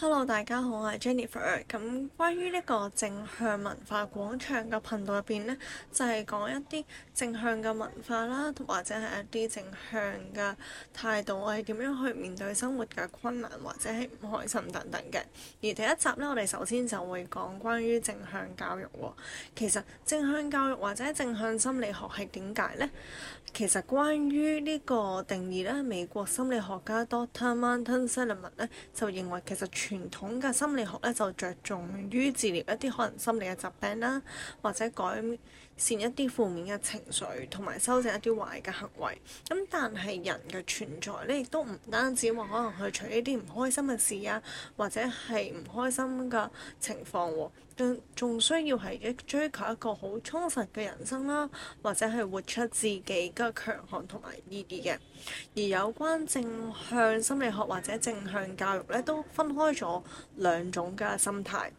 Hello，大家好，我係 Jennifer。咁關於呢個正向文化廣場嘅頻道入邊呢，就係講一啲正向嘅文化啦，或者係一啲正向嘅態度。我係點樣去面對生活嘅困難，或者係唔開心等等嘅。而第一集呢，我哋首先就會講關於正向教育喎。其實正向教育或者正向心理學係點解呢？其實關於呢個定義咧，美國心理學家 Dr. Martin Seligman 咧就認為，其實傳統嘅心理學咧就着重於治療一啲可能心理嘅疾病啦，或者改善一啲負面嘅情緒同埋修正一啲壞嘅行為，咁但係人嘅存在咧，亦都唔單止話可能去除呢啲唔開心嘅事啊，或者係唔開心嘅情況，更仲需要係嘅追求一個好充實嘅人生啦，或者係活出自己嘅強項同埋意義嘅。而有關正向心理學或者正向教育咧，都分開咗兩種嘅心態，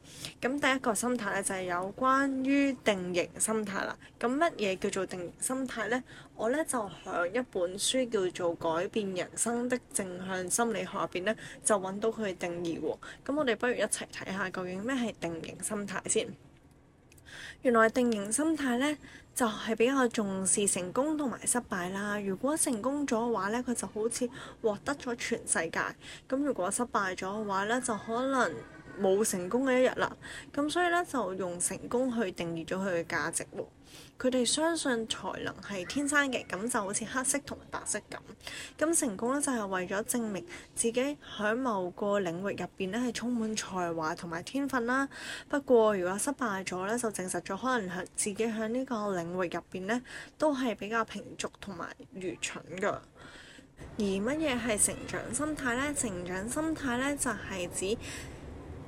咁第一個心態咧就係有關於定型心態。咁乜嘢叫做定型心態呢？我咧就喺一本書叫做《改變人生的正向心理學》入邊咧，就揾到佢嘅定義喎。咁我哋不如一齊睇下究竟咩係定型心態先。原來定型心態呢，就係比較重視成功同埋失敗啦。如果成功咗嘅話呢，佢就好似獲得咗全世界；咁如果失敗咗嘅話呢，就可能冇成功嘅一日啦。咁所以呢，就用成功去定義咗佢嘅價值喎。佢哋相信才能係天生嘅，咁就好似黑色同白色咁。咁成功咧就係為咗證明自己喺某個領域入邊咧係充滿才華同埋天分啦。不過如果失敗咗咧，就證實咗可能自己喺呢個領域入邊咧都係比較平俗同埋愚蠢㗎。而乜嘢係成長心態呢？成長心態咧就係、是、指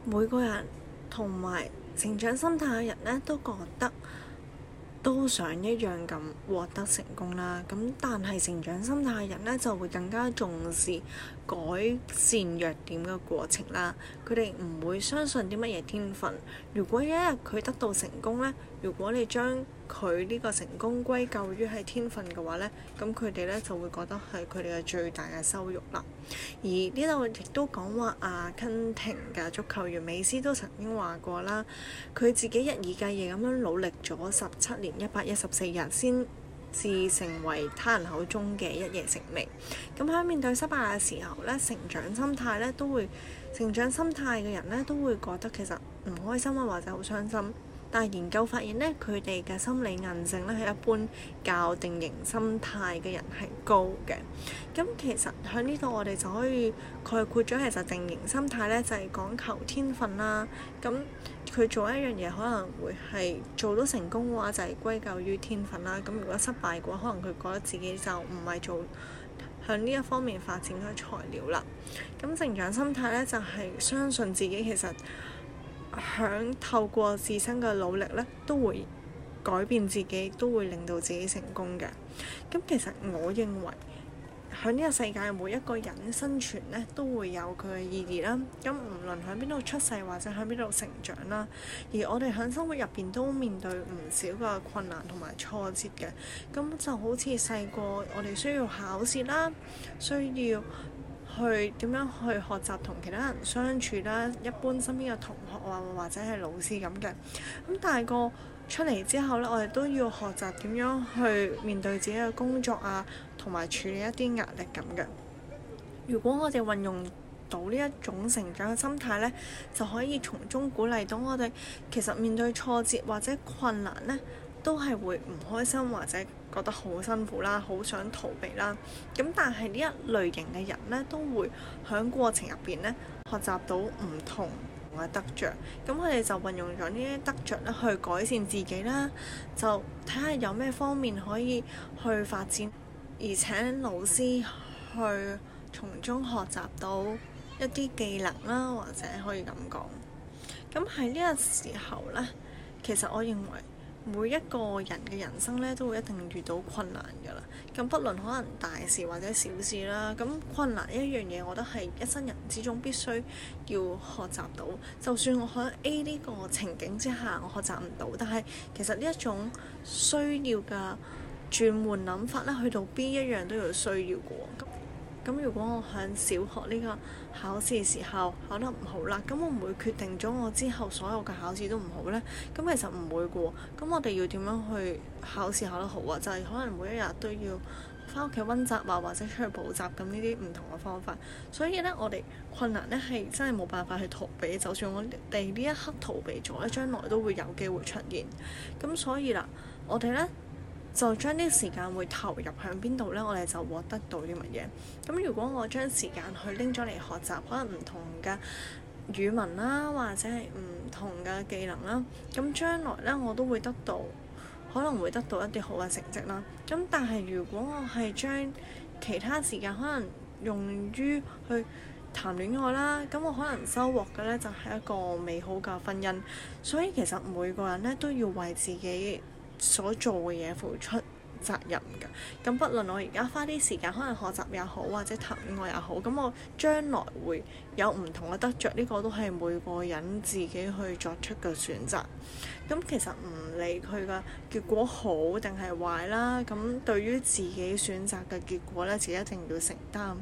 每個人同埋成長心態嘅人咧都覺得。都想一樣咁獲得成功啦，咁但係成長心態嘅人咧就會更加重視改善弱點嘅過程啦。佢哋唔會相信啲乜嘢天分。如果一日佢得到成功咧，如果你將佢呢個成功歸咎於係天分嘅話呢，咁佢哋呢就會覺得係佢哋嘅最大嘅羞辱啦。而呢度亦都講話阿根廷嘅足球員美斯都曾經話過啦，佢自己一而再、再日以繼夜咁樣努力咗十七年一百一十四日，先至成為他人口中嘅一夜成名。咁喺面對失敗嘅時候呢，成長心態呢都會，成長心態嘅人呢都會覺得其實唔開心啊，或者好傷心。但係研究發現咧，佢哋嘅心理韌性咧係一般較定型心態嘅人係高嘅。咁其實喺呢度我哋就可以概括咗，其實定型心態咧就係、是、講求天分啦。咁佢做一樣嘢可能會係做到成功嘅話，就係、是、歸咎於天分啦。咁如果失敗嘅話，可能佢覺得自己就唔係做向呢一方面發展嘅材料啦。咁成長心態咧就係、是、相信自己其實。喺透過自身嘅努力咧，都會改變自己，都會令到自己成功嘅。咁其實我認為，喺呢個世界每一個人生存咧，都會有佢嘅意義啦。咁唔論喺邊度出世或者喺邊度成長啦，而我哋喺生活入邊都面對唔少嘅困難同埋挫折嘅。咁就好似細個，我哋需要考試啦，需要。去點樣去學習同其他人相處啦，一般身邊嘅同學啊，或者係老師咁嘅。咁大個出嚟之後呢，我哋都要學習點樣去面對自己嘅工作啊，同埋處理一啲壓力咁嘅。如果我哋運用到呢一種成長嘅心態呢，就可以從中鼓勵到我哋其實面對挫折或者困難呢，都係會唔開心，或者覺得好辛苦啦，好想逃避啦。咁但係呢一類型嘅人呢，都會喺過程入邊呢，學習到唔同嘅得着。咁佢哋就運用咗呢啲得着咧去改善自己啦，就睇下有咩方面可以去發展，而且老師去從中學習到一啲技能啦，或者可以咁講。咁喺呢個時候呢，其實我認為。每一個人嘅人生咧，都會一定遇到困難噶啦。咁不論可能大事或者小事啦，咁困難一樣嘢，我覺得係一生人之中必須要學習到。就算我喺 A 呢個情景之下，我學習唔到，但係其實呢一種需要嘅轉換諗法咧，去到 B 一樣都要需要嘅。咁如果我喺小學呢個考試嘅時候考得唔好啦，咁我唔會決定咗我之後所有嘅考試都唔好呢。咁其實唔會嘅喎。咁我哋要點樣去考試考得好啊？就係、是、可能每一日都要翻屋企溫習呀或者出去補習咁呢啲唔同嘅方法。所以呢，我哋困難呢係真係冇辦法去逃避。就算我哋呢一刻逃避咗咧，將來都會有機會出現。咁所以啦，我哋呢。就將啲時間會投入向邊度呢？我哋就獲得到啲乜嘢？咁如果我將時間去拎咗嚟學習，可能唔同嘅語文啦，或者係唔同嘅技能啦，咁將來呢，我都會得到可能會得到一啲好嘅成績啦。咁但係如果我係將其他時間可能用於去談戀愛啦，咁我可能收穫嘅呢，就係一個美好嘅婚姻。所以其實每個人呢，都要為自己所做嘅嘢付出責任嘅，咁不論我而家花啲時間可能學習也好，或者談戀愛也好，咁我將來會有唔同嘅得着，呢個都係每個人自己去作出嘅選擇，咁其實唔理佢嘅結果好定係壞啦，咁對於自己選擇嘅結果咧，自己一定要承擔，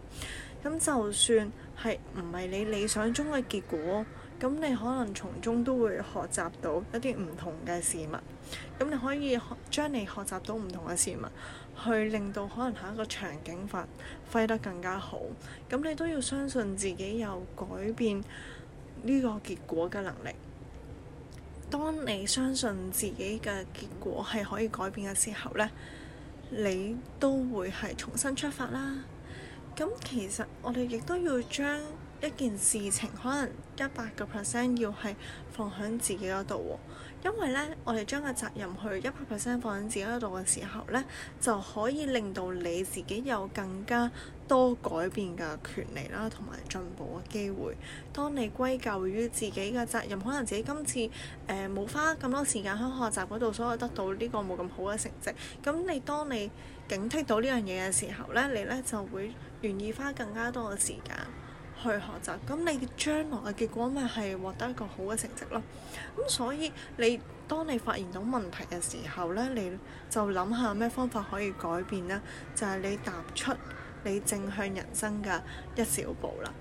咁就算係唔係你理想中嘅結果，咁你可能從中都會學習到一啲唔同嘅事物，咁你可以將你學習到唔同嘅事物，去令到可能下一個場景發揮得更加好。咁你都要相信自己有改變呢個結果嘅能力。當你相信自己嘅結果係可以改變嘅時候呢，你都會係重新出發啦。咁其實我哋亦都要將一件事情，可能一百個 percent 要係放喺自己嗰度喎。因為呢，我哋將個責任去一百 percent 放喺自己嗰度嘅時候呢，就可以令到你自己有更加多改變嘅權利啦，同埋進步嘅機會。當你歸咎於自己嘅責任，可能自己今次誒冇、呃、花咁多時間喺學習嗰度，所以得到呢個冇咁好嘅成績。咁你當你警惕到呢樣嘢嘅時候呢，你呢就會～願意花更加多嘅時間去學習，咁你將來嘅結果咪係獲得一個好嘅成績咯。咁所以你當你發現到問題嘅時候呢，你就諗下咩方法可以改變呢？就係你踏出你正向人生嘅一小步啦。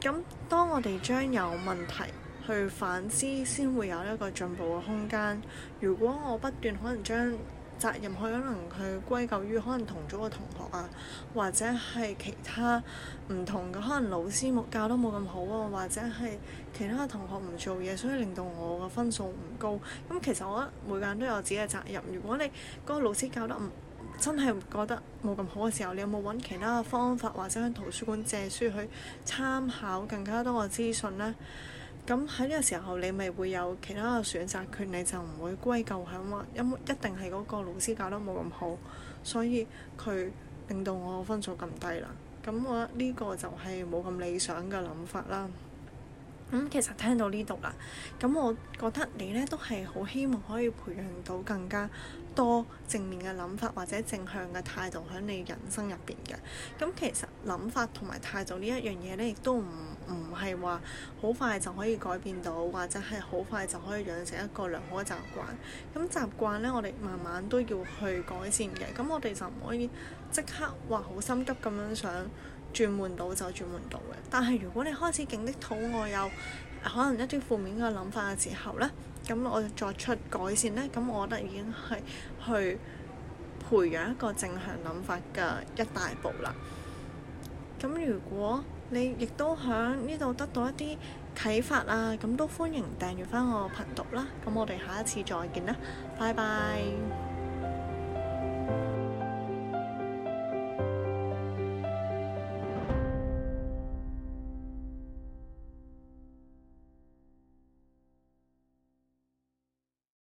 咁當我哋將有問題去反思，先會有一個進步嘅空間。如果我不斷可能將責任佢可能佢歸咎於可能同組嘅同學啊，或者係其他唔同嘅可能老師冇教得冇咁好啊，或者係其他同學唔做嘢，所以令到我嘅分數唔高。咁其實我覺得每個人都有自己嘅責任。如果你嗰個老師教得唔真係覺得冇咁好嘅時候，你有冇揾其他嘅方法或者喺圖書館借書去參考更加多嘅資訊呢？咁喺呢個時候，你咪會有其他嘅選擇權，你就唔會歸咎喺我。因為一定係嗰個老師教得冇咁好，所以佢令到我分數咁低啦。咁我覺得呢個就係冇咁理想嘅諗法啦。咁、嗯、其實聽到呢度啦，咁、嗯、我覺得你咧都係好希望可以培養到更加多正面嘅諗法或者正向嘅態度喺你人生入邊嘅。咁、嗯、其實諗法同埋態度一呢一樣嘢咧，亦都唔唔係話好快就可以改變到，或者係好快就可以養成一個良好嘅習慣。咁習慣咧，我哋慢慢都要去改善嘅。咁、嗯、我哋就唔可以即刻話好心急咁樣想。轉換到就轉換到嘅，但係如果你開始勁的肚餓有可能一啲負面嘅諗法嘅時候呢，咁我就作出改善呢。咁我覺得已經係去培養一個正向諗法嘅一大步啦。咁如果你亦都喺呢度得到一啲啟發啊，咁都歡迎訂閱翻我頻道啦。咁我哋下一次再見啦，拜拜。